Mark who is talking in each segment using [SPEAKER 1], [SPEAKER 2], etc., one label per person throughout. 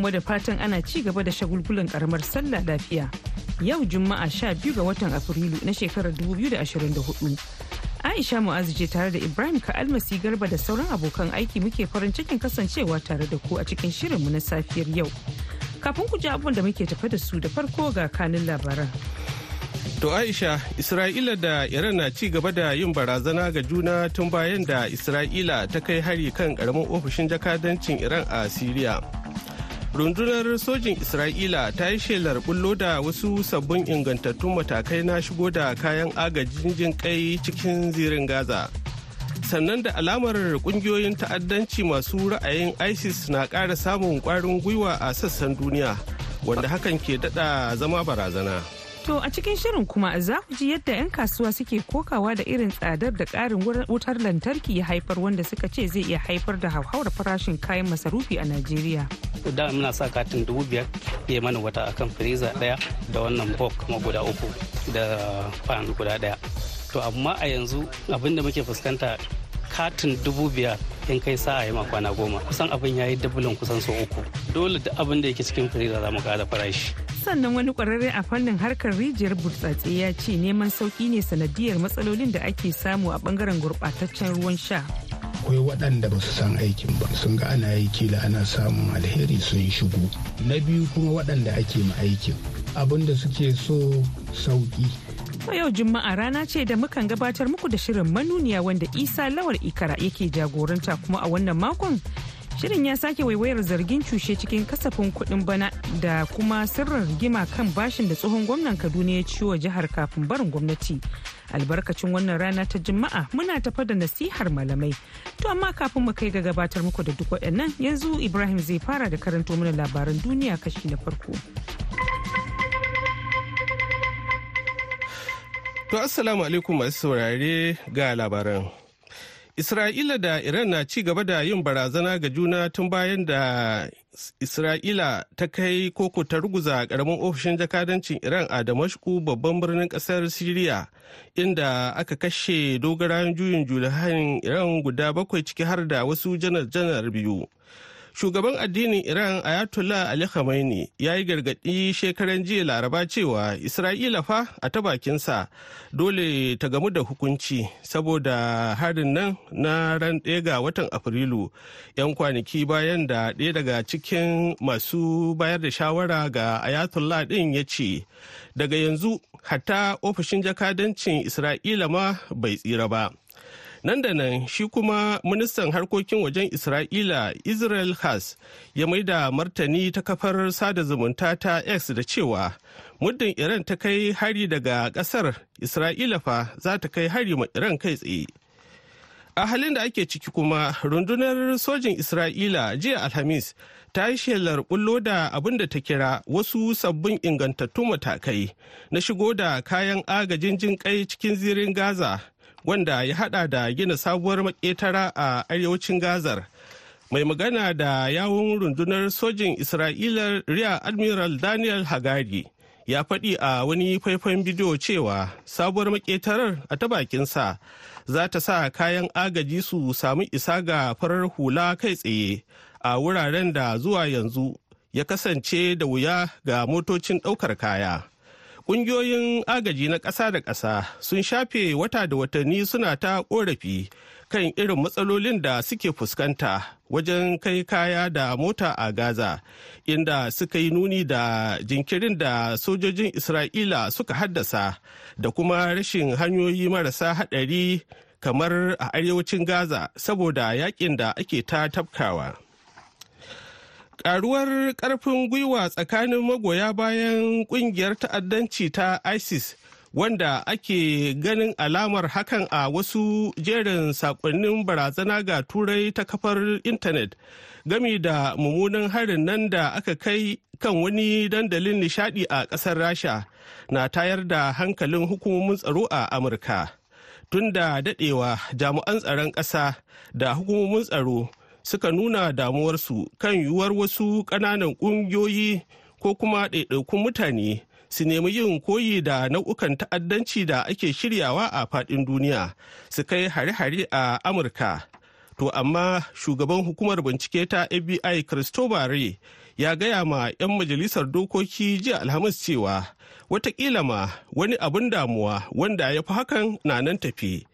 [SPEAKER 1] kuma da fatan ana ci gaba da shagulgulan karamar sallah lafiya. Yau Juma'a sha biyu ga watan Afrilu na shekarar 2024. Aisha Mu'azu ce tare da Ibrahim Ka'almasi Garba da sauran abokan aiki muke farin cikin kasancewa tare da ku a cikin shirinmu na safiyar yau. Kafin ku ji abin da muke tafe da su da farko ga kanin labaran.
[SPEAKER 2] To Aisha, Isra'ila da Iran na ci gaba da yin barazana ga juna tun bayan da Isra'ila ta kai hari kan karamin ofishin jakadancin Iran a Siriya. rundunar sojin isra'ila ta yi shelar bullo da wasu sabbin ingantattun matakai na shigo da kayan agajin jin kai cikin zirin gaza sannan da alamar kungiyoyin ta'addanci masu ra'ayin isis na kara samun kwarin gwiwa a sassan duniya wanda hakan ke daɗa zama barazana.
[SPEAKER 1] To a cikin shirin kuma za ku ji yadda 'yan kasuwa suke kokawa da irin tsadar da ƙarin wutar lantarki ya haifar wanda suka ce zai iya haifar da hauhawar farashin kayan masarufi a Najeriya.
[SPEAKER 3] Da muna sa katin dubu biyar ya mana wata akan firiza ɗaya da wannan bok kuma guda uku da fan guda ɗaya. To amma a yanzu abin da muke fuskanta katin dubu biyar in kai sa'a ya kwana goma kusan abin ya yi dabulin kusan sau uku dole da abin da yake cikin firiza za mu ƙara farashi.
[SPEAKER 1] sannan wani kwararre a fannin harkar rijiyar burtsatse ya ce neman sauki ne sanadiyar matsalolin da ake samu a bangaren gurbataccen ruwan sha
[SPEAKER 4] akwai waɗanda ba su san aikin ba sun ga ana aiki kila ana samun alheri sun shigo na biyu kuma waɗanda ake ma aikin abin da suke so sauki
[SPEAKER 1] a yau Juma'a rana ce da mukan gabatar muku da shirin manuniya wanda Isa Lawal Ikara yake jagoranta kuma a wannan makon Shirin ya sake waiwayar zargin cushe cikin kasafin kuɗin bana da kuma sirrin rigima kan bashin da tsohon gwamnan Kaduna ya ciwo jihar kafin barin gwamnati. Albarkacin wannan rana ta Juma'a muna tafa da nasihar malamai. To amma kafin mu kai ga gabatar muku da duk waɗannan yanzu Ibrahim zai fara da karanto mana labaran duniya kashi na farko.
[SPEAKER 2] To assalamu alaikum masu saurare ga labaran. Isra'ila da Iran na ci gaba da yin barazana ga juna tun bayan da Isra'ila ta kai koko ta ruguza karamin ofishin jakadancin Iran a Damashku babban birnin kasar Siriya inda aka kashe dogarayen juyin julahan Iran guda bakwai ciki har da wasu janar-janar biyu. shugaban addinin iran ayatollah ali khamenei ya yi gargaɗi shekaran jiya laraba cewa isra'ila fa a ta bakinsa dole ta gamu da hukunci saboda harin nan na ran ɗaya ga watan afrilu 'yan kwanaki bayan da ɗaya daga cikin masu bayar da shawara ga ayatollah ɗin ya ce daga yanzu hatta ofishin jakadancin isra'ila ma bai tsira ba nan da nan shi kuma ministan harkokin wajen isra'ila israel has ya maida martani ta kafar sada zumunta ta x da cewa muddin iran ta kai hari daga kasar isra'ila fa za ta kai hari ma iran kai tsaye a halin da ake ciki kuma rundunar sojin isra'ila jiya alhamis ta yi shelar bullo da abin da ta kira wasu sabbin ingantattun matakai na shigo da kayan agajin jinkai cikin zirin gaza wanda ya hada da gina sabuwar maketara a arewacin gazar mai magana da yawun rundunar sojin isra'ila riya admiral daniel hagari ya faɗi a wani faifan bidiyo cewa sabuwar maketarar a ta bakinsa za ta sa kayan agaji su samu isa ga farar hula kai tsaye a wuraren da zuwa yanzu ya kasance da wuya ga motocin ɗaukar kaya Ƙungiyoyin agaji na ƙasa da ƙasa sun shafe wata da watanni suna ta ƙorafi kan irin matsalolin da suke fuskanta wajen kai kaya da mota a Gaza, inda suka yi nuni da jinkirin da sojojin Isra'ila suka haddasa da kuma rashin hanyoyi marasa haɗari kamar a arewacin Gaza saboda yakin da ake ta tafkawa. Karuwar karfin gwiwa tsakanin magoya bayan kungiyar ta'addanci ta ISIS wanda ake ganin alamar hakan a wasu jerin sakonnin barazana ga turai ta kafar intanet gami da mummunan harin nan da aka kai kan wani dandalin nishadi a ƙasar rasha na tayar da hankalin hukumomin tsaro a amurka tun da daɗewa jami'an tsaron ƙasa da hukumomin tsaro suka nuna damuwarsu kan yiwuwar wasu ƙananan ƙungiyoyi ko kuma ɗaiɗaikun mutane su nemi yin koyi da nau'ukan ta'addanci da ake shiryawa a faɗin duniya su kai hare-hare a amurka to amma shugaban hukumar bincike ta fbi christopher ray ya gaya ma 'yan majalisar dokoki jiya alhamis cewa watakila ma wani abin damuwa wanda ya fi hakan na nan tafi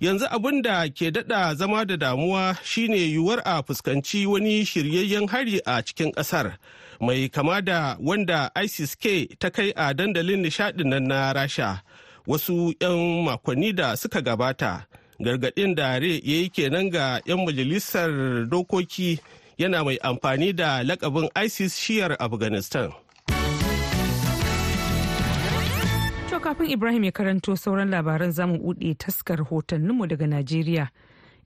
[SPEAKER 2] yanzu abin da ke dada zama da damuwa shine yiwuwar a fuskanci wani shiryayyen hari a cikin kasar mai kama da wanda isis k ta kai a dandalin nishadin nan na rasha wasu 'yan makonni da suka gabata gargaɗin da ya yi kenan ga 'yan majalisar dokoki yana mai amfani da lakabin isis shiyar afghanistan
[SPEAKER 1] To kafin Ibrahim ya karanto sauran labaran zamu buɗe taskar hotonninmu daga Najeriya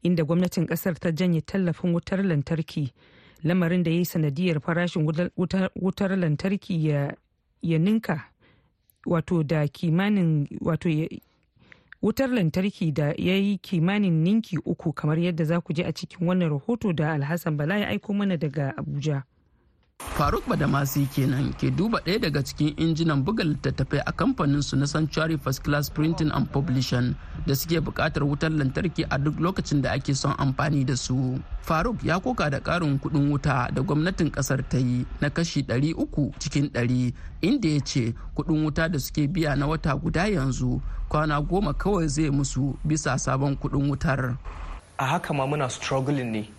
[SPEAKER 1] inda gwamnatin kasar ta janye tallafin wutar lantarki lamarin da ya yi sanadiyar farashin wutar lantarki ya ninka wato da kimanin wato wutar lantarki da ya kimanin ninki uku kamar yadda za ku je a cikin wannan rahoto da alhassan bala ya aiko mana daga abuja
[SPEAKER 5] faruk badamasi kenan ke duba ɗaya daga cikin injinan buga littattafai a kamfanin su na sanctuary first class printing and publishing da suke buƙatar wutar lantarki a duk lokacin da ake son amfani da su faruk ya koka da ƙarin kuɗin wuta da gwamnatin ƙasar ta yi na kashi ɗari uku cikin ɗari, inda ya ce kuɗin wuta da suke biya na wata guda yanzu kwana goma kawai zai musu bisa
[SPEAKER 6] sabon kuɗin wutar a haka ma muna struggling ne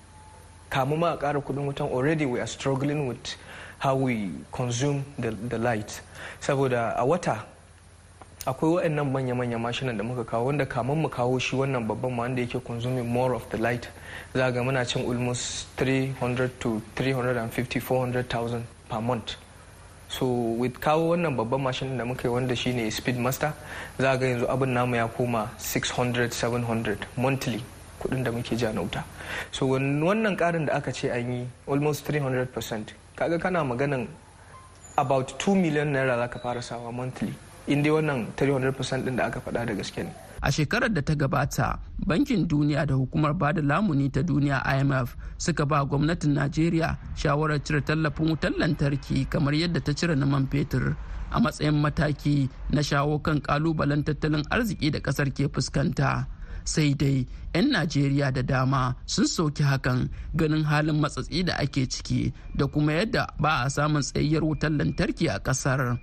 [SPEAKER 6] kamu ma a ƙara kuɗin wutan already we are struggling with how we consume the, the light saboda a wata akwai waɗannan manya-manya mashinan da muka kawo wanda kamun mu kawo shi wannan babban ma wanda yake consuming more of the light za ga muna cin almost 300 to 350 400,000 per month so with kawo wannan babban mashin da muka yi wanda shine speed master za ga yanzu abin namu ya koma 600 700 monthly kudin da muke ja na wuta so wannan karin da aka ce an yi almost 300% kaga kana maganan about 2 million naira za ka fara sawa monthly in dai wannan 300% din da aka faɗa da gaske ne
[SPEAKER 5] a shekarar da ta gabata bankin duniya da hukumar ba da lamuni ta duniya imf suka ba gwamnatin najeriya shawarar cire tallafin wutar lantarki kamar yadda ta cire na man fetur a matsayin mataki na shawo kan kalubalen tattalin arziki da kasar ke fuskanta sai dai 'yan najeriya da dama sun soki hakan ganin halin matsatsi da ake ciki da kuma yadda ba a samun tsayayyar wutar lantarki a kasar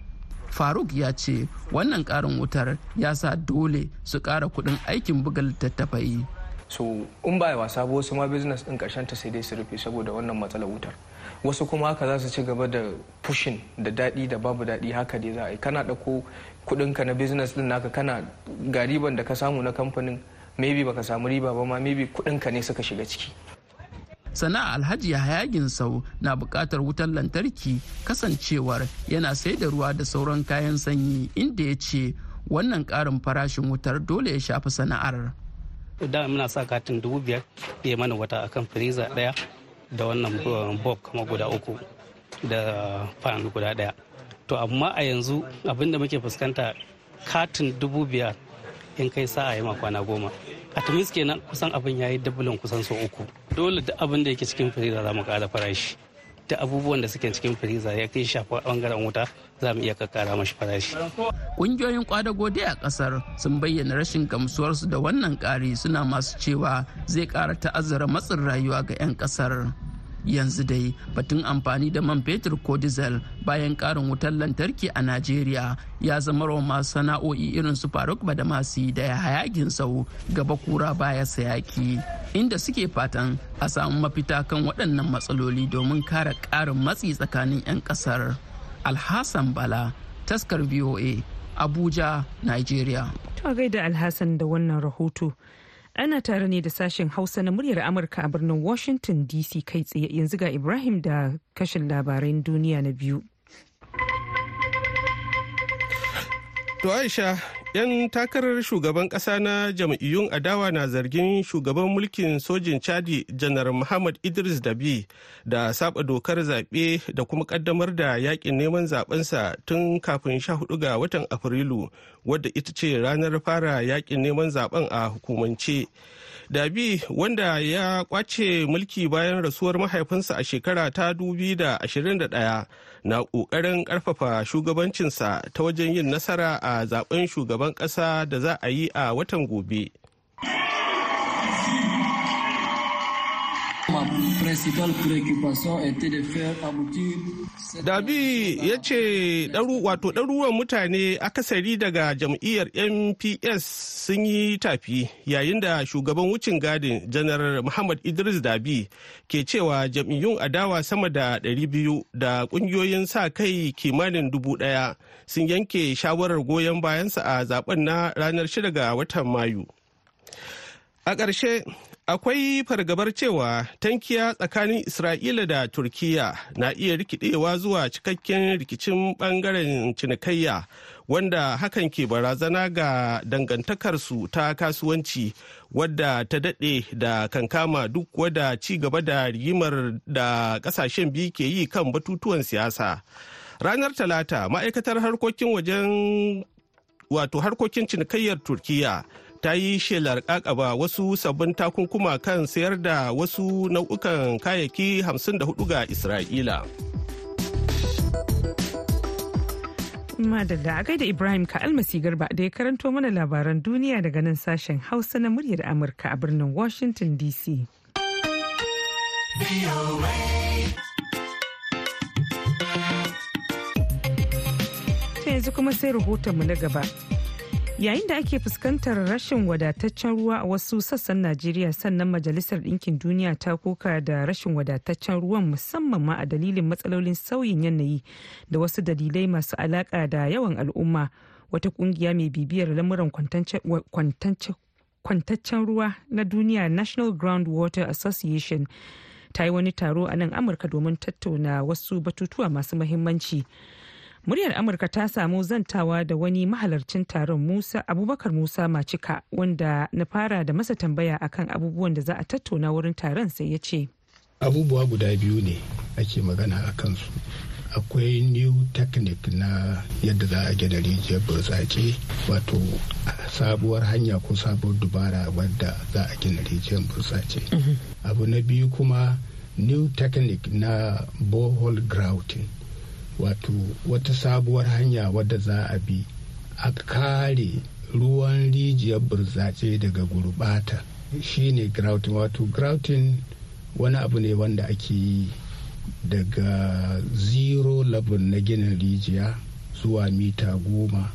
[SPEAKER 5] faruk ya ce wannan karin wutar ya sa dole su kara kudin aikin buga littattafai
[SPEAKER 6] so in ba wasa sabo wasu ma business din karshen ta sai dai su rufe saboda wannan matsalar wutar wasu kuma haka za su ci gaba da pushing da dadi da babu dadi haka dai za a yi kana ɗauko kuɗinka na business din naka kana gariban da ka samu na kamfanin maybe baka samu riba ba ma maybe kuɗinka ne suka shiga ciki
[SPEAKER 5] sana'a alhaji hayagin sau na bukatar wutar lantarki kasancewar yana sai da ruwa da sauran kayan sanyi inda ya ce wannan karin farashin wutar dole ya shafi sana'ar
[SPEAKER 3] da muna sa katin dubu biyar ya mana wata akan firiza daya da wannan um, bob kama guda uku da fan guda daya to amma a yanzu abinda muke fuskanta katin dubu biyar in kai sa'a ya ma kwana goma at least kenan kusan abin ya yi dabulin kusan sau uku dole da abin da yake cikin firiza za mu kara farashi da abubuwan da suke cikin firiza ya kai shafa bangaren wuta za mu iya kakkara mashi farashi.
[SPEAKER 5] Kungiyoyin kwada dai a kasar sun bayyana rashin gamsuwarsu da wannan ƙari suna masu cewa zai ƙara ta'azzara matsin rayuwa ga 'yan kasar. yanzu dai batun amfani da man fetur ko diesel bayan karin wutar lantarki a najeriya ya zama wa masu sana'o'i irin su faruk badamasi da ya hayakin sau gaba kura baya sayaki inda suke fatan a samu mafita kan waɗannan matsaloli domin kare ƙarin matsi tsakanin 'yan ƙasar alhassan bala taskar voa abuja nigeria
[SPEAKER 1] to gaida alhassan da wannan rahoto Ana tare ne da sashen Hausa na muryar Amurka a birnin Washington DC kai tsaye yanzu ga Ibrahim da kashin labaran duniya na biyu.
[SPEAKER 2] To Aisha 'Yan takarar shugaban ƙasa na jam'iyyun adawa na zargin shugaban mulkin sojin Chadi janar Muhammad Idris Dabi da saba dokar zaɓe da kuma ƙaddamar da yakin neman zaɓensa tun kafin sha hudu ga watan Afrilu wadda ita ce ranar fara yakin neman zaɓen a hukumance. Dabi wanda ya kwace mulki bayan rasuwar mahaifinsa a shekara ta 2021 na ƙoƙarin ƙarfafa shugabancinsa ta wajen yin nasara a zaben shugaban ƙasa da za a yi a watan gobe ma Dabi ya ce wato ɗaruruwan mutane akasari daga jam'iyyar NPS sun yi tafi yayin da shugaban wucin gadin janar Muhammad Idris Dabi ke cewa jam'iyyun adawa sama da ɗari biyu da ƙungiyoyin sa kai kimanin dubu ɗaya sun yanke shawarar goyon bayansa a zaben na ranar 6 ga watan Mayu. A ƙarshe akwai fargabar cewa tankiya tsakanin isra'ila da turkiya na iya rikidewa zuwa cikakken rikicin bangaren cinikayya wanda hakan ke barazana ga dangantakarsu ta kasuwanci wadda ta daɗe da kankama duk wadda ci gaba da rigimar da ƙasashen biyu ke yi kan batutuwan siyasa ranar talata ma'aikatar harkokin wajen wato harkokin cinikayyar Turkiyya. ta yi shelar kakaba wasu sabbin takunkuma kan sayar da wasu nau'ukan kayayyaki 54 ga Isra'ila.
[SPEAKER 1] Madalla a da Ibrahim ka almasi garba da ya karanto mana labaran duniya daga nan sashen Hausa na muryar Amurka a birnin Washington DC. Ta yanzu kuma sai rahotonmu na gaba. yayin da ake fuskantar rashin wadataccen ruwa a wasu sassan najeriya sannan majalisar ɗinkin duniya ta koka da rashin wadataccen ruwan musamman ma a dalilin matsalolin sauyin yanayi da wasu dalilai masu alaƙa da yawan al'umma wata ƙungiya mai bibiyar lamuran kwantaccen ruwa na duniya national ground water association ta yi wani taro a nan amurka domin tattauna wasu batutuwa masu mahimmanci. muryar amurka ta samu zantawa da wani mahalarcin taron musa abubakar musa macika wanda na fara da masa tambaya akan abubuwan da za a tattauna wurin taron sai ya ce
[SPEAKER 4] abubuwa guda biyu ne ake magana a kansu akwai new technique na yadda za a gina rijiyar burtsatse wato sabuwar hanya ko sabuwar dubara wadda za a gina rijiyar burtsatse mm-hmm. abu na biyu kuma new technique na borehole grouting wato wata sabuwar hanya wadda za a bi a kare ruwan rijiyar burzace daga gurbata ne grouting wato grouting wani abu ne wanda ake yi daga zero level na ginin rijiya zuwa mita goma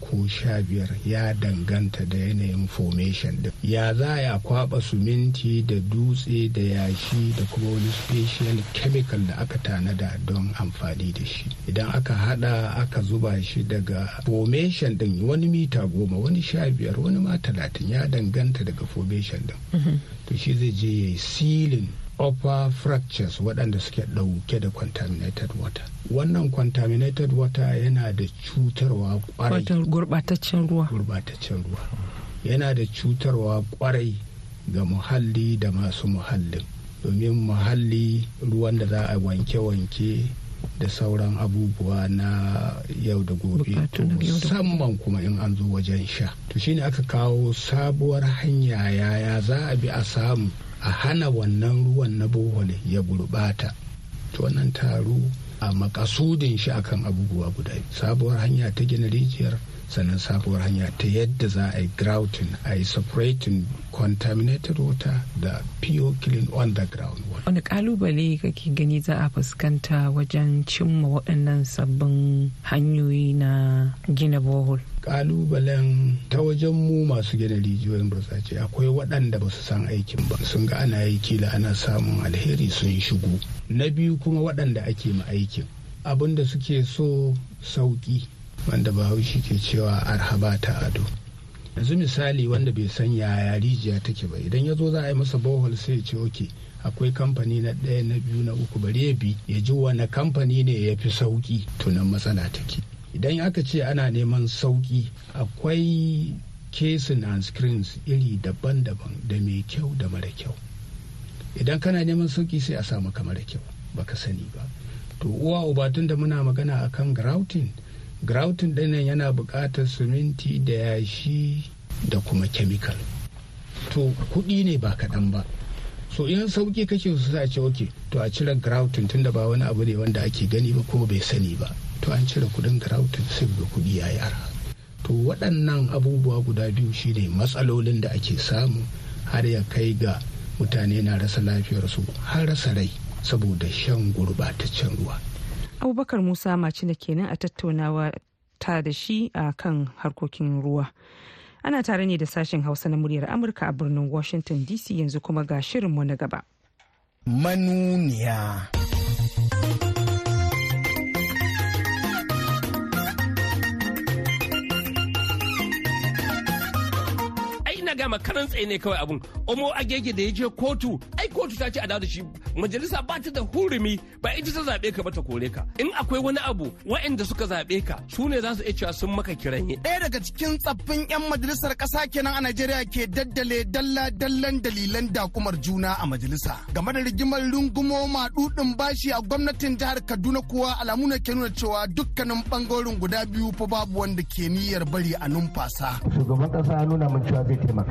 [SPEAKER 4] ko sha biyar ya danganta da yanayin formation din ya za ya kwaba suminti da dutse da yashi da kuma wani special chemical da aka tanada don amfani da shi idan aka hada aka zuba shi daga formation din wani mita goma wani sha biyar wani ma talatin ya danganta daga formation din mhm. to shi zai je ya yi sealing upper fractures waɗanda suke ɗauke da contaminated water wannan contaminated water yana da cutarwa kwarai gurbataccen ruwa gurbataccen ruwa yana da cutarwa kwarai ga muhalli da masu muhallin domin muhalli ruwan da za a wanke-wanke da sauran abubuwa na yau da gobe to musamman kuma in an zo wajen sha to shine aka kawo sabuwar hanya yaya za a bi a samu a hana wannan ruwan na bohol ya gurbata to wannan taro a makasudin shi akan abubuwa guda sabuwar hanya ta gina rijiyar sannan sabuwar hanya ta yadda za a yi grouting a yi separating contaminated water da pure clean underground water.
[SPEAKER 1] wani kalubale kake gani za a fuskanta wajen cimma waɗannan sabbin hanyoyi na gina bohol
[SPEAKER 4] kalubalen ta wajen mu masu gina rijiyoyin burtsace akwai waɗanda ba su san aikin ba sun ga ana yi kila ana samun alheri sun shigo na biyu kuma waɗanda ake ma aikin abin da suke so sauƙi wanda bahaushe ke cewa arhaba ta ado yanzu misali wanda bai san yaya rijiya take ba idan ya zo za a yi masa bohol sai ya ce oke akwai kamfani na ɗaya na biyu na uku bari ya bi ya ji wani kamfani ne ya fi sauki tunan matsala take idan aka ce ana neman sauki akwai kesin and screens iri daban-daban da mai kyau da mara kyau idan kana neman sauki sai a samu kamar kyau baka sani ba to uwa uba da muna magana akan grouting grouting dinnan yana buƙatar siminti da yashi da kuma chemical to kuɗi ne ba kaɗan ba so in sauki kake su sa ce oke to a cire grouting tunda ba wani abu ne wanda ake gani ba ko bai sani ba to an cire kudin garautin sif da kudi ya yi yara to waɗannan abubuwa guda biyu shine matsalolin da ake samu har ya kai ga mutane na rasa lafiyarsu har rasa rai saboda shan gurbataccen ruwa
[SPEAKER 1] abubakar musa macina kenan a tattaunawa ta da shi a kan harkokin ruwa ana tare ne da sashen hausa na muryar amurka a birnin washington dc yanzu kuma ga shirinmu na gaba manuniya
[SPEAKER 7] daga ma karan tsaye ne kawai abun omo agege da ya je kotu ai kotu ta ce a da shi majalisa ba ta da hurumi ba ita ta zaɓe ka ba ta kore ka in akwai wani abu waɗanda suka zaɓe ka su ne za su iya cewa sun maka yi ɗaya daga cikin tsaffin 'yan majalisar kasa kenan a najeriya ke daddale
[SPEAKER 8] dalla dallan dalilan dakumar juna a majalisa game da rigimar rungumo maɗuɗin bashi a gwamnatin jihar kaduna kuwa alamu ne ke nuna cewa dukkanin ɓangarorin guda biyu fa babu wanda ke niyyar bari a numfasa.
[SPEAKER 9] shugaban ƙasa nuna min cewa zai taimaka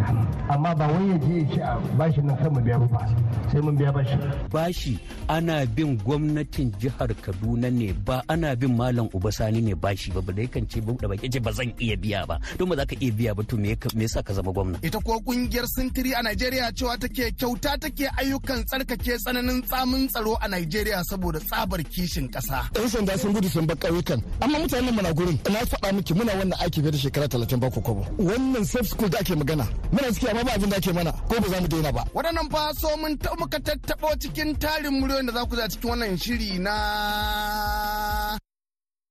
[SPEAKER 9] amma ba wai ya ya ce a bashi nan sai mu biya ba sai mun biya bashi
[SPEAKER 3] bashi ana bin gwamnatin jihar Kaduna ne ba ana bin malam Ubasani ne bashi ba da yakan ce da baki ce ba zan iya biya ba don ba za ka iya biya ba to me yasa ka zama gwamna ita ko kungiyar
[SPEAKER 8] sintiri a Najeriya cewa take kyauta take ayyukan tsarkake tsananin tsamin tsaro a Najeriya saboda tsabar kishin kasa
[SPEAKER 10] yan sanda sun gudu sun bar ƙauyukan amma mutanen mu na gurin na faɗa miki muna wannan aiki da shekara 37 ba kobo. wannan safe school da ake magana muna ciki amma ba abin da ke mana ko ba za mu daina ba
[SPEAKER 8] waɗannan fa so mun ta muka tattaɓo cikin tarin muryoyin da za ku za cikin wannan shiri na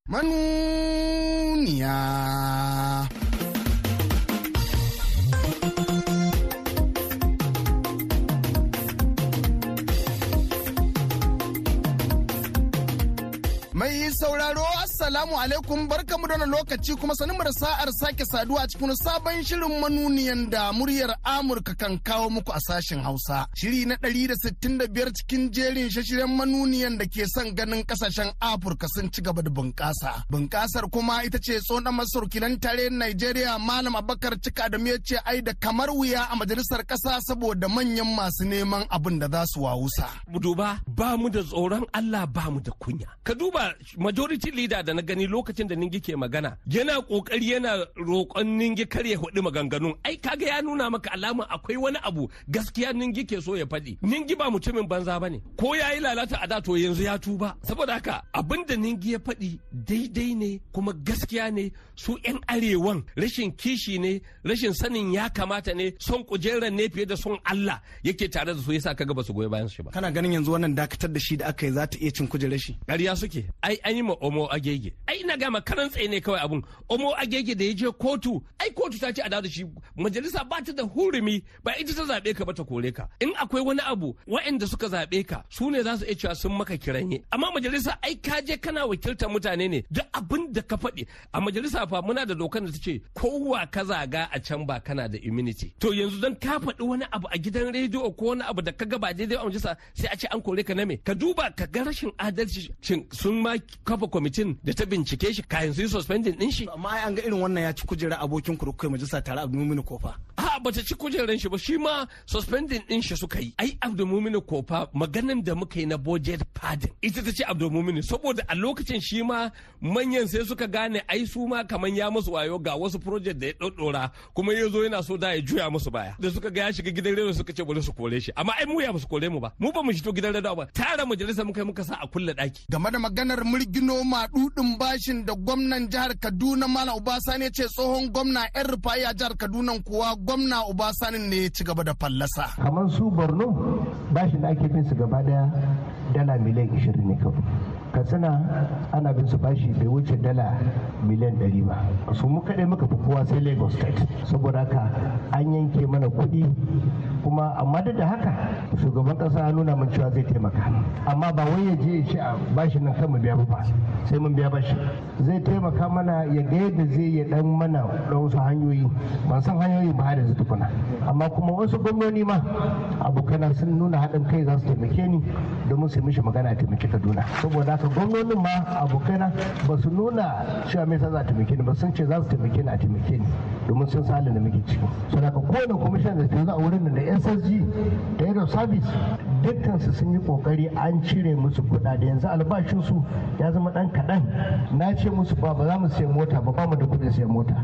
[SPEAKER 8] manuniya mai sauraro Assalamu alaikum barkamu da wani lokaci kuma sanin da sa'ar sake saduwa a cikin sabon shirin manuniyan da muryar Amurka kan kawo muku a sashen Hausa. Shiri na 165 cikin jerin shashiren manuniyan da ke son ganin kasashen Afirka sun ci gaba da bunƙasa. Bunƙasar kuma ita ce tsohon masurkilan tare Najeriya Malam Abakar Cika da ya ce ai da kamar wuya a majalisar ƙasa saboda manyan masu neman abin da za su wawusa.
[SPEAKER 7] Duba ba mu da tsoron Allah ba mu da kunya. Ka duba majority leader da na gani lokacin da ningi ke magana yana kokari yana roƙon ningi kar ya faɗi maganganun ai kaga ya nuna maka alama akwai wani abu gaskiya ningi ke so ya faɗi ningi ba mutumin banza ba ne. ko ya yi lalata a da to yanzu ya tuba saboda haka abin da ningi ya faɗi daidai ne kuma gaskiya ne su 'yan arewan rashin kishi ne rashin sanin ya kamata ne son kujeran ne fiye da son Allah yake tare da su yasa kaga ba su goyi bayan shi ba kana ganin yanzu wannan dakatar da shi da aka yi za ta iya cin kujerar shi ƙarya suke ai an yi ma omo agege agege ai ina ga makaran tsaye ne kawai abun omo agege da ya je kotu ai kotu ta ce a da shi majalisa ba ta da hurumi ba ita ta zabe ka ba ta kore ka in akwai wani abu wa'anda suka zabe ka su ne za su iya cewa sun maka kiranye amma majalisa ai ka je kana wakiltar mutane ne duk abin da ka faɗi a majalisa fa muna da dokar da ta ce kowa ka zaga a can ba kana da immunity to yanzu dan ka faɗi wani abu a gidan rediyo ko wani abu da ka ga ba daidai a majalisa sai a ce an kore ka na me ka duba ka ga rashin adalci sun ma kafa kwamitin da ta bincike shi kayan su yi suspending din shi amma an ga irin wannan ya ci kujera abokin kurkuku majalisa tare abdulmumin kofa ba bata ci kujeran shi ba shi ma suspending din shi suka yi ai abdulmumin kofa maganin da muka yi na budget pardon ita ta ce abdulmumin saboda a lokacin shi ma manyan sai suka gane ai su ma kamar ya musu wayo ga wasu project da ya dodora kuma ya zo yana so da ya juya musu baya da suka ga ya shiga gidan rediyo suka ce bari su kore shi amma ai mu ya su kore mu ba mu ba mu shito gidan rediyo ba tara majalisa muka yi muka sa a kulle daki game da maganar mulgino ma irin bashin da gwamnan jihar Kaduna
[SPEAKER 8] Malam ubasani ya ce tsohon gwamna 'yan rufayi a jihar Kaduna kuwa gwamna ubasani ne ya ci gaba da fallasa.
[SPEAKER 9] Kamar su Borno bashin da ake bin su gaba daya dala miliyan 20 ne kawai. katsina ana bin su bashi bai wuce dala miliyan 100 ba su muka kaɗai muka fi kowa sai lagos state saboda haka an yanke mana kuɗi kuma amma duk da haka shugaban a nuna min cewa zai taimaka amma ba wai ya je ya ce a bashi nan kan mu biya ba sai mun biya bashi zai taimaka mana ya ga yadda zai ya dan mana da wasu hanyoyi ban san hanyoyi ba da tukuna amma kuma wasu gwamnoni ma abokana sun nuna haɗin kai za su taimake ni domin su mishi magana taimake kaduna saboda haka gwamnonin ma abokaina ba su nuna cewa me za a taimake ni ba sun ce za su taimake ni a taimake ni domin sun sale da muke ciki so daga kowane kwamishin da ke a wurin da ssg da yadda service dukkansu sun yi kokari an cire musu da yanzu albashin su ya zama dan kaɗan na ce musu ba za mu sayi mota ba ba mu da kudin sayi mota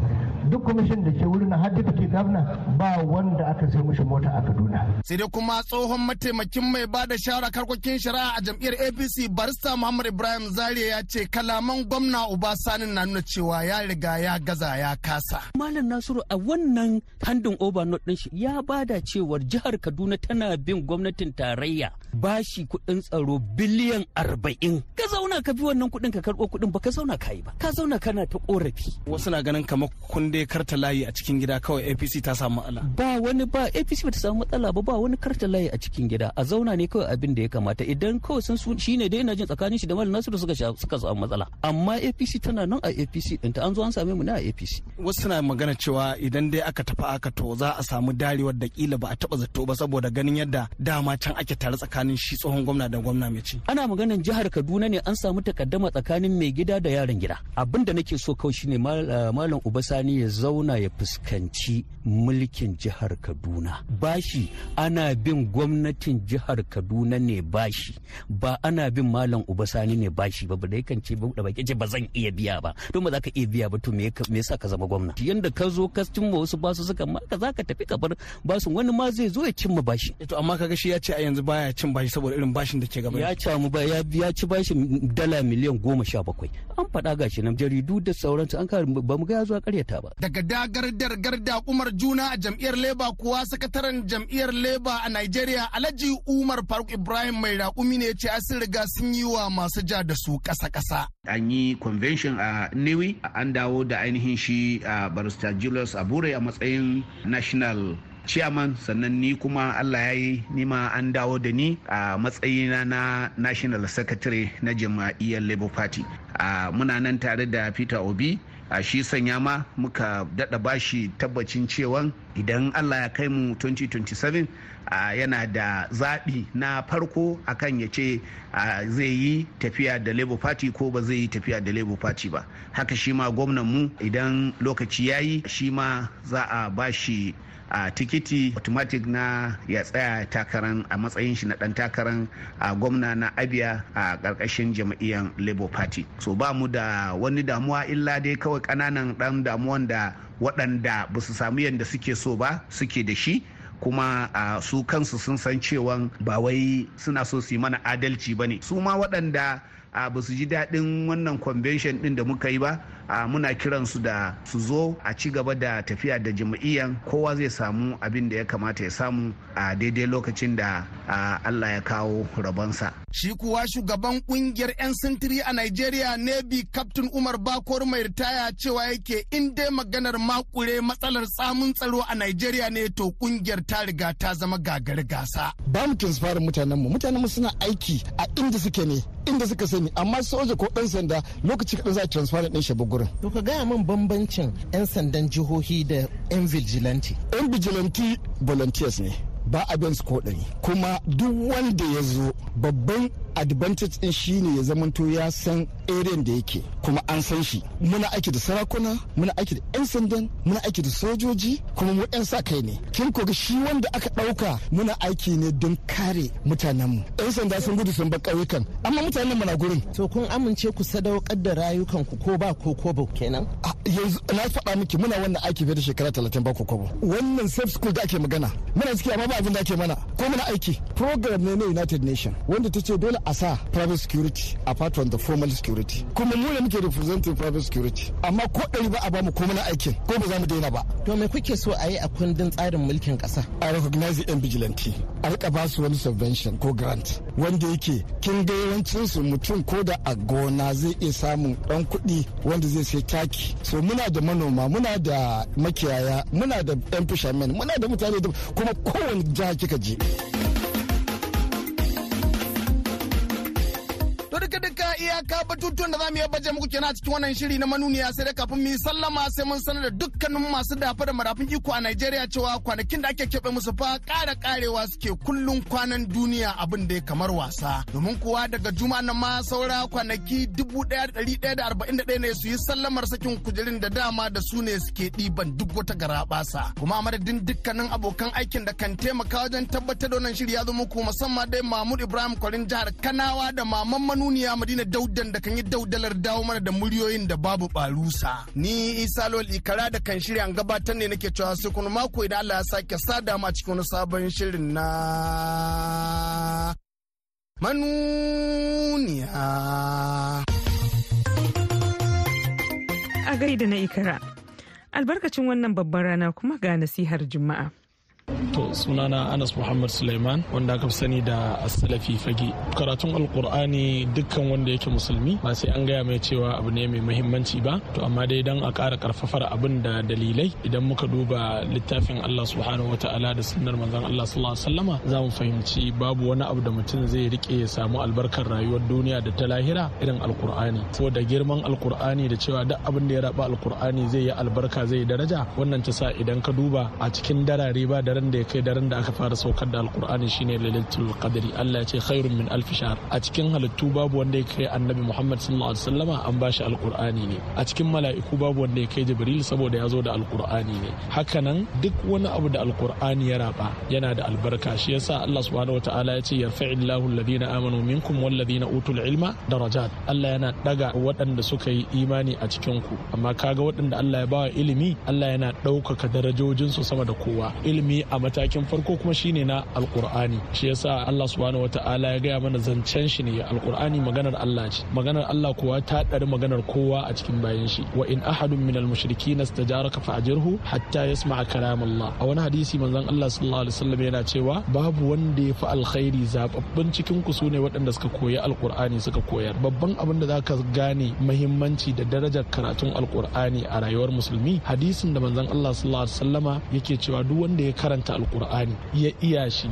[SPEAKER 9] duk kwamishin da ke wurin har ke gabna ba wanda aka sai mushi mota a kaduna
[SPEAKER 8] sai dai kuma tsohon mataimakin mai ba da shawara karkokin shari'a a jam'iyyar apc barista muhammad ibrahim zariya ya ce kalaman gwamna sani na nuna cewa ya riga ya gaza ya kasa
[SPEAKER 3] malam nasiru a wannan handin overnote din shi ya bada cewar jihar kaduna tana bin gwamnatin tare tarayya bashi kuɗin tsaro biliyan arba'in ka zauna ka bi wannan kuɗin ka karɓo kuɗin ba ka zauna ka yi ba ka zauna kana ta korafi
[SPEAKER 8] wasu na ganin kamar kun dai karta layi a cikin gida kawai apc ta samu matsala.
[SPEAKER 3] ba wani ba apc ba ta samu matsala ba ba wani karta layi a cikin gida a zauna ne kawai abin da ya kamata idan kawai sun shi ne dai na jin tsakanin shi da malam nasiru suka suka samu matsala amma apc tana nan a apc ɗinta an zo an same mu ne a apc.
[SPEAKER 8] wasu na magana cewa idan dai aka tafi aka to za a samu darewar da kila ba
[SPEAKER 3] a taba zato ba saboda ganin yadda dama can ake yake tare tsakanin shi tsohon gwamna da gwamna mai ci ana maganin jihar kaduna ne an samu takaddama tsakanin mai gida da yaron gida abin da nake so kawai shine eh, malam ubasani ya zauna ya fuskanci mulkin jihar kaduna bashi ana bin gwamnatin jihar kaduna ne bashi ba ana bin malam ubasani ne bashi ba da yakan ce da baki ce ba zan iya biya ba to ba za ka iya biya ba to me yasa ka zama gwamna yanda ka zo ka cimma wasu basu suka ma ka za ka tafi ka bar basu wani ma zai zo ya cimma bashi eh, to amma kaga shi ya ce a yanzu yanzu baya cin bashi saboda irin bashin da ke gaba ya ci mu ya ya ci bashin dala miliyan goma sha bakwai an faɗa gashi nan jaridu da sauransu an kare ba mu ga ya zo karyata ba
[SPEAKER 8] daga dagar garda umar juna a jam'iyyar leba kuwa sakataren jam'iyyar leba a nigeria alhaji umar faruk ibrahim mai raƙumi ne ya ce sun riga sun yi wa masu ja da su ƙasa-ƙasa
[SPEAKER 11] an yi convention a newi an dawo da ainihin shi a barista julius abure a matsayin national chairman sannan ni kuma allah ya yi nima an dawo da ni a matsayina na national secretary na jama'iyyar labour party a muna nan tare da peter obi a shi sanya ma muka dada bashi tabbacin cewa idan allah ya kai mu 2027 a yana da zaɓi na farko akan ya ce zai yi tafiya da labour party ko ba zai yi tafiya da labour party ba haka shi ma gwamnan mu idan lokaci ya yi shi ma za a bashi a tikiti automatic na ya tsaya takaran a matsayin shi na dan takaran a gwamna na abia a karkashin jam'iyyar labour party so ba mu da wani damuwa illa dai kawai kananan dan damuwan da waɗanda ba su samu yadda suke so ba suke da shi kuma uh, su kansu sun san cewa ba wai suna so su mana adalci ba ne su ma waɗanda uh, ba su ji daɗin wannan convention ɗin da muka yi ba a muna kiran su da su zo a ci gaba da tafiya da jami'iyan kowa zai samu abin da ya kamata ya samu a daidai lokacin da Allah ya kawo rabonsa. Shi kuwa shugaban
[SPEAKER 8] kungiyar 'yan sintiri a Najeriya Navy Captain Umar Bakor mai ritaya cewa yake in dai maganar makure matsalar samun tsaro a Najeriya ne to kungiyar ta riga ta zama gagari gasa.
[SPEAKER 10] Ba mu transferin mutanen mu suna aiki a inda suke ne inda suka sani amma soja ko ɗan sanda lokaci kaɗan za a transferin ɗin shi gurin. To ka gaya min bambancin 'yan sandan jihohi da 'yan vigilante. 'Yan vigilante volunteers ne. ba a su ko ɗari kuma duk wanda ya zo babban advantage din ne ya zamanto ya san area da yake kuma an san shi muna aiki da sarakuna muna aiki da yan sandan muna aiki da sojoji kuma mu yan sa kai ne kin ga shi wanda aka dauka muna aiki ne don kare mutanenmu yan sanda sun gudu sun bar wukan amma mutanen mu na gurin to kun amince ku sadaukar da rayukan ku ko ba ko ko ba kenan yanzu na faɗa miki muna wannan aiki fiye da shekara 30 ba ko ko wannan safe school da ake magana muna ciki amma ba abin da ake mana ko muna aiki program ne na United Nation wanda ta ce dole a sa private security apart from the formal security kuma mu ne muke representing private security amma ko ɗari ba a ba mu komai na aikin ko ba za mu daina ba to me kuke so a yi a kundin tsarin mulkin ƙasa a recognize yan vigilante a rika ba su wani subvention ko grant wanda yake kin ga yawancin su mutum ko da a gona zai iya samun ɗan kuɗi wanda zai sai taki so muna da manoma muna da makiyaya muna da yan muna da mutane kuma kowane jiha kika je.
[SPEAKER 8] acá batutuwan da za mu yi baje muku kenan a cikin wannan shiri na manuniya sai dai kafin mu yi sallama sai mun sanar da dukkanin masu dafa da marafin iko a Najeriya cewa kwanakin da ake keɓe musu fa ƙara ƙarewa suke kullum kwanan duniya abin da ya kamar wasa. Domin kuwa daga juma nan ma saura kwanaki dubu ɗaya da ɗari ɗaya da arba'in da ɗaya ne su yi sallamar sakin kujerun da dama da su ne suke ɗiban duk wata garaɓasa. Kuma madadin dukkanin abokan aikin da kan taimaka wajen tabbatar da wannan shiri ya zo muku musamman dai Mahmud Ibrahim Kwarin jihar Kanawa da Maman Manuniya Madina Daudan da an yi daudalar dawo mana da muryoyin da babu barusa ni isa lol ikara da kan shirya an gabatar ne nake cewa sai kuma mako idan Allah ya sake sada dama cikin wani sabon shirin na manuniya
[SPEAKER 1] a gaida na ikara albarkacin wannan babbar rana kuma ga nasihar juma'a
[SPEAKER 12] To sunana Anas Muhammad Suleiman wanda aka sani da Asalafi Fage. Karatun Alkur'ani dukkan wanda yake musulmi ba sai an gaya mai cewa abu ne mai muhimmanci ba. To amma dai dan a ƙara karfafar abin da dalilai idan muka duba littafin Allah Subhanahu wa ta'ala da sunnar manzon Allah sallallahu alaihi wasallama za mu fahimci babu wani abu da mutum zai rike ya samu albarkar rayuwar duniya da ta lahira irin Alkur'ani. da girman Alkur'ani da cewa duk abin da ya raba Alkur'ani zai yi albarka zai yi daraja wannan ta sa idan ka duba a cikin darare ba da daren da ya kai daren da aka fara saukar da alkur'ani shine lailatul qadri Allah ya ce khairun min alf shahr a cikin halittu babu wanda ya kai annabi Muhammad sallallahu alaihi wasallama an bashi alkur'ani ne a cikin mala'iku babu wanda ya kai Jibril saboda ya zo da alkur'ani ne hakanan duk wani abu da alkur'ani ya raba yana da albarka shi yasa Allah subhanahu wataala ya ce yarfa'illahu alladhina amanu minkum walladhina utul ilma darajat Allah yana daga waɗanda suka yi imani a cikin ku amma kaga waɗanda Allah ya bawa ilimi Allah yana ɗaukaka darajojinsu sama da kowa ilimi a matakin farko kuma shine na alkur'ani shi yasa Allah subhanahu wataala ya gaya mana zancen shi ne alkur'ani maganar Allah ce maganar Allah kuwa ta ɗari maganar kowa a cikin bayan shi wa in ahadun minal mushrikin istajaraka fa'jirhu hatta yasma'a kalam Allah a wani hadisi manzon Allah sallallahu alaihi wasallam yana cewa babu wanda ya fi alkhairi zababbin cikin ku sune waɗanda suka koyi alkur'ani suka koyar babban abin da zaka gane muhimmanci da darajar karatun alkur'ani a rayuwar musulmi hadisin da manzon Allah sallallahu alaihi wasallama yake cewa duk wanda ya karanta alkur'ani ya iya shi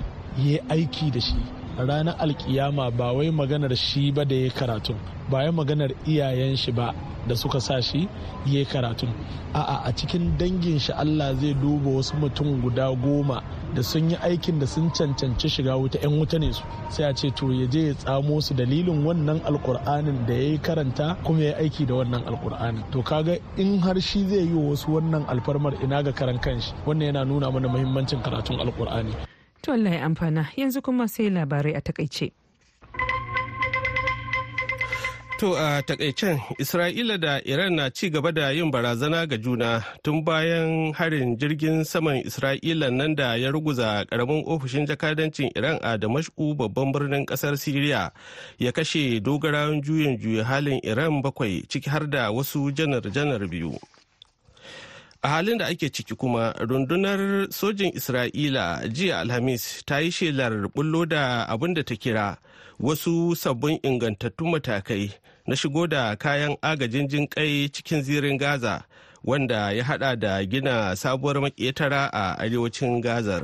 [SPEAKER 12] ya aiki da shi ranar alkiyama ba wai maganar shi ba da ya karatu ba ya maganar iyayen shi ba da suka sa shi yi karatun a'a a cikin dangin shi Allah zai duba wasu mutum guda goma da sun yi aikin da sun cancanci shiga wuta 'yan wuta ne su sai a ce to ya je ya tsamo su dalilin wannan alkur'anin da ya yi karanta kuma ya aiki da wannan alkur'anin to kaga in har shi zai yi wasu wannan alfarmar ina ga karan kanshi wannan yana nuna mana muhimmancin karatun alkur'ani
[SPEAKER 1] to Allah ya amfana yanzu kuma sai labarai a takaice
[SPEAKER 2] To a takaicen Isra'ila da Iran na ci gaba da yin barazana ga juna tun bayan harin jirgin saman Isra'ila nan da ya ruguza karamin ofishin jakadancin Iran a Damashku babban birnin kasar Siriya ya kashe dogara juyin juya halin Iran bakwai ciki har da wasu janar-janar biyu. a halin da ake ciki kuma rundunar sojin isra'ila jiya alhamis ta yi shelar bullo da abin da ta kira wasu sabbin ingantattun matakai na shigo da kayan agajin jin jinƙai cikin zirin gaza wanda ya hada da gina sabuwar maƙetara a arewacin gazar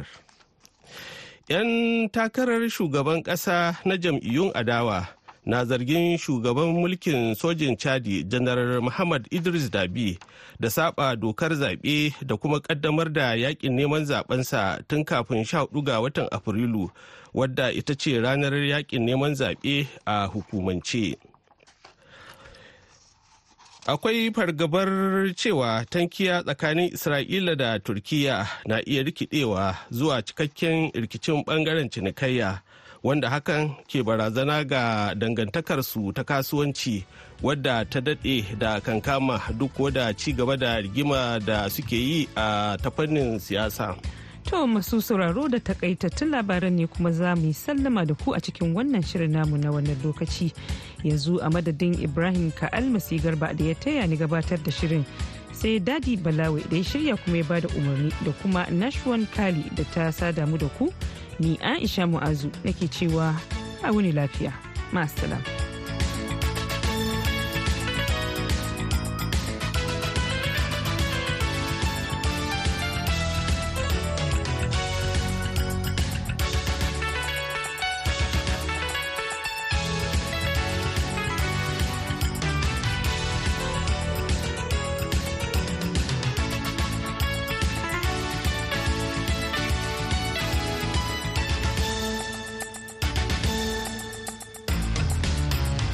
[SPEAKER 2] 'yan takarar shugaban ƙasa na jam'iyyun adawa na zargin shugaban mulkin sojin chadi janar muhammad idris dabi da saba dokar zaɓe da kuma ƙaddamar da yakin neman zaɓensa tun kafin sha ga watan afrilu wadda ita ce ranar yakin neman zaɓe a hukumance akwai fargabar cewa tankiya tsakanin isra'ila da turkiya na iya rikidewa zuwa cikakken rikicin bangaren cinikayya wanda hakan ke barazana ga dangantakarsu ta kasuwanci wadda ta daɗe da kankama duk wadda ci gaba da rigima da suke yi a ta fannin siyasa.
[SPEAKER 1] To masu sauraro da takaitattun labaran ne kuma za mu yi sallama da ku a cikin wannan shirin namu na wannan lokaci. Yanzu a madadin Ibrahim Ka'al Garba da ya taya ni gabatar da shirin. sai dadi balawe da ya shirya kuma ya ba da umarni da kuma nashwan kali da ta sada mu da ku ni aisha mu'azu nake cewa a wuni lafiya masu